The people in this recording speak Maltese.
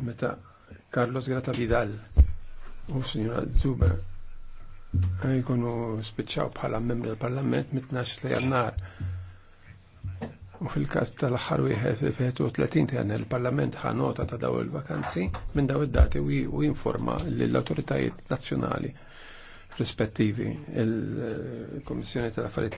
meta Carlos Grata Vidal u signora Zuba, jkunu spiċċaw bħala membri tal-Parlament mit-12 jannar. U fil-kas tal-aħħar wieħed 30 ta' il-Parlament ħa nota ta' daw il-vakanzi minn daw id-dati u jinforma lill-awtoritajiet nazzjonali rispettivi il-Kommissjoni tal-Affarijiet